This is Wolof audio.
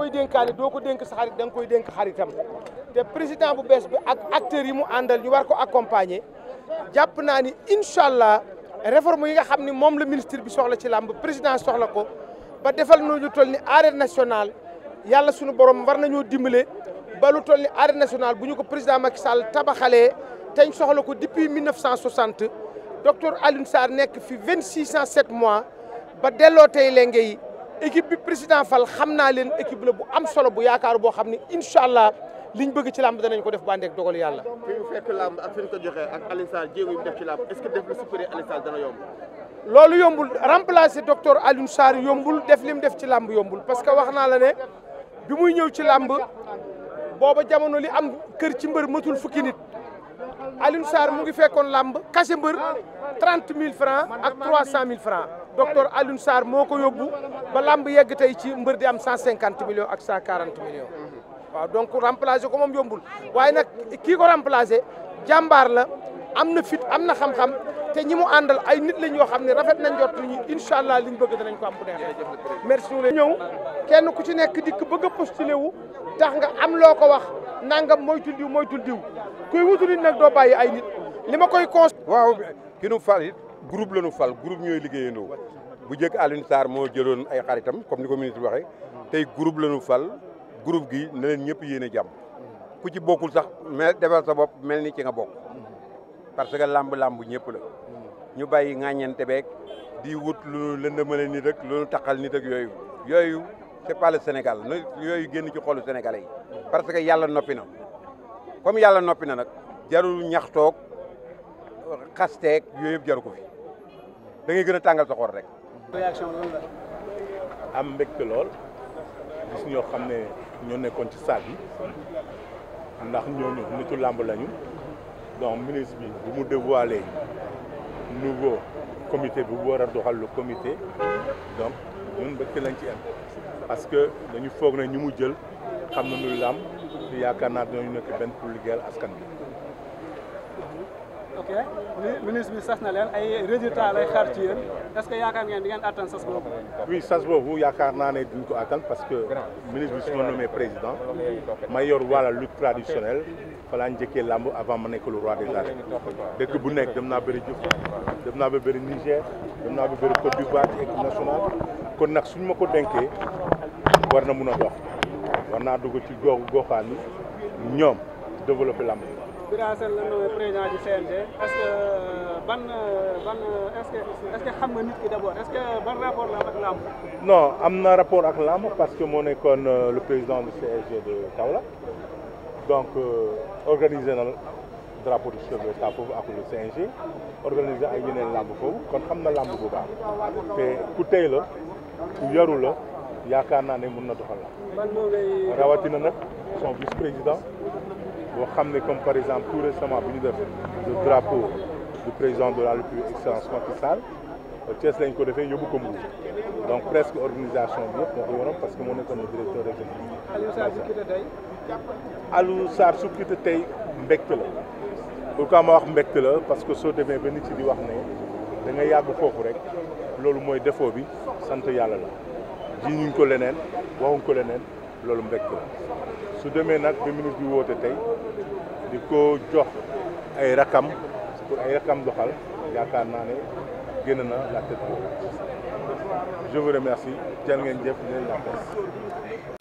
koy dénkaane doo ko dénk sa xarit da nga koy denk xaritam te président bu bees bi ak acteurs yi mu àndal ñu war ko accompagner jàpp naa ni incha allah réforme yi nga xam ni moom la ministre bi soxla ci làmb président soxla ko ba defal nu lu toll ni arène national yàlla suñu borom war ñoo dimbale ba lu toll ni arène national bu ñu ko président Macky Sall tabaxalee teñ soxla ko depuis 1960 docteur Alioune Sarr nekk fi vingt cent 2607 mois ba delloo tey lenge équipe bi président fal xam naa leen équipe la bu am solo bu yaakaar boo xam ne incha allah liñ bëgg ci làmb danañ ko def bandeek dogal yàlla. fi mu fekk làmb ak fi ñu ko joxee ak Alioune Sarr jéego yi mu def ci làmb est-ce que def lu supéré Alioune Sarr yomb. loolu yombul remplacer docteur Alioune Sarr yombul def li mu def ci làmb yombul parce que wax naa la ne bi muy ñëw ci làmb booba jamono li am kër ci mbër matul fukki nit. Alioune Sarr mu ngi fekkoon làmb kase mbër trente mille francs ak trois cent mille francs docteur Alioune Sarr moo ko yóbbu ba lamb yegg tey ci mbër di am 150 millions ak 140 millions waaw donc remplacer ko moom yombul waaye nag kii ko remplacer jàmbaar la am na fit am na xam-xam te ñi mu àndal ay nit lañ yoo xam ne rafet nañ jot ñu incha allah liñ bëgg danañ ko am bu neexee. merci beaucoup ñëw kenn ku ci nekk dikk bëgg a postulé wu tax nga am loo ko wax nangam moytul diw moytul diw kuy wutu nit nag doo bàyyi ay nit li ma koy cons. waaw ki nu fal it groupe la nu fal groupe ñooy liggéeyandoo bu jëkk Alioune Sarr moo jëloon ay xaritam comme ni ko ministre waxee tey groupe la ñu fal groupe gi na leen ñëpp yéene jàmm ku ci bokkul sax mel defal sa bopp mel ni ci nga bokk parce que làmb làmb ñëpp la ñu bàyyi ŋàññante beeg di wut lu lëndëmale nit rek lu taqal nit rek yooyu yooyu c'est pas le Sénégal yooyu génn ci xolu Sénégalais yi parce que yàlla noppi na comme yàlla noppi na nag jarul ñax toog xasteeg yooyu yëpp jaru ko fi da ngay gën a tàngal sa rek. réaction loolu am mbégte lool gis ñoo xam ne ñoo nekkoon ci salle bi ndax ñooñu nitu làmb lañu donc minis bi bu mu dévoilé nouveau comité bi bu war a doxal le comité donc ñun mbégte lañ ci parce que dañu foog ne ñu mu jël xam nañu làmb yaakaar naa ne nekk benn pour liggéeyal askan bi. fekkee ministre bi sas na leen ay résultats lay xaar ci yéen est sas boobu. yaakaar naa ne duñ ko attan parce que ministre bi su ma nommé président ma yor wàlla lutte traditionnelle fa njëkkee làmb avant ma nekk le roi des arènes dëkk bu nekk dem naa bëri Diouf dem naa ba bëri Niger dem naa ba bëri Côte d'Ivoire ci équipe nationale kon nag suñ ma ko dénkee war na mun a dox war naa dugg ci gox goxaan ñoom développer lamb Bira la nommé président du CNG est-ce que euh, ban euh, euh, est-ce que xam nga nit ki d'abord est-ce que ban rapport la ak làmb non am na rapport ak làmb parce que moo nekkoon le président du CNG de Kaolack donc organisé na drapeau du chef de l'État foofu ak le CNG organisé ay yeneen làmb foofu kon am na làmb bu baax te ku tey la ku yaru la yaakaar naa ne mun na doxal la rawatina nag son vice-président boo xam ne comme par exemple tout récemment bu ñu def le drapeau du président de la République excellence Macky Sall Thiès lañ ko defee yóbbu ko Mbour donc presque organisation bi yëpp moo ko yoroon parce que moo nekkoon directeur régional Aliou Sarr su quitté tey mbégte la pourquoi a wax mbégte la parce que soo demee ba nit ci di wax ne da nga yàgg foofu rek loolu mooy défaut bi sant yàlla la ji ñu ko leneen waxuñ ko leneen loolu mbégte la su demee nag ba ministre bi woote tey di ko jox ay rakam pour ay rakam doxal yaakaar naa ne génn na la tête haute je vous remercie jërë ngeen jëf la presse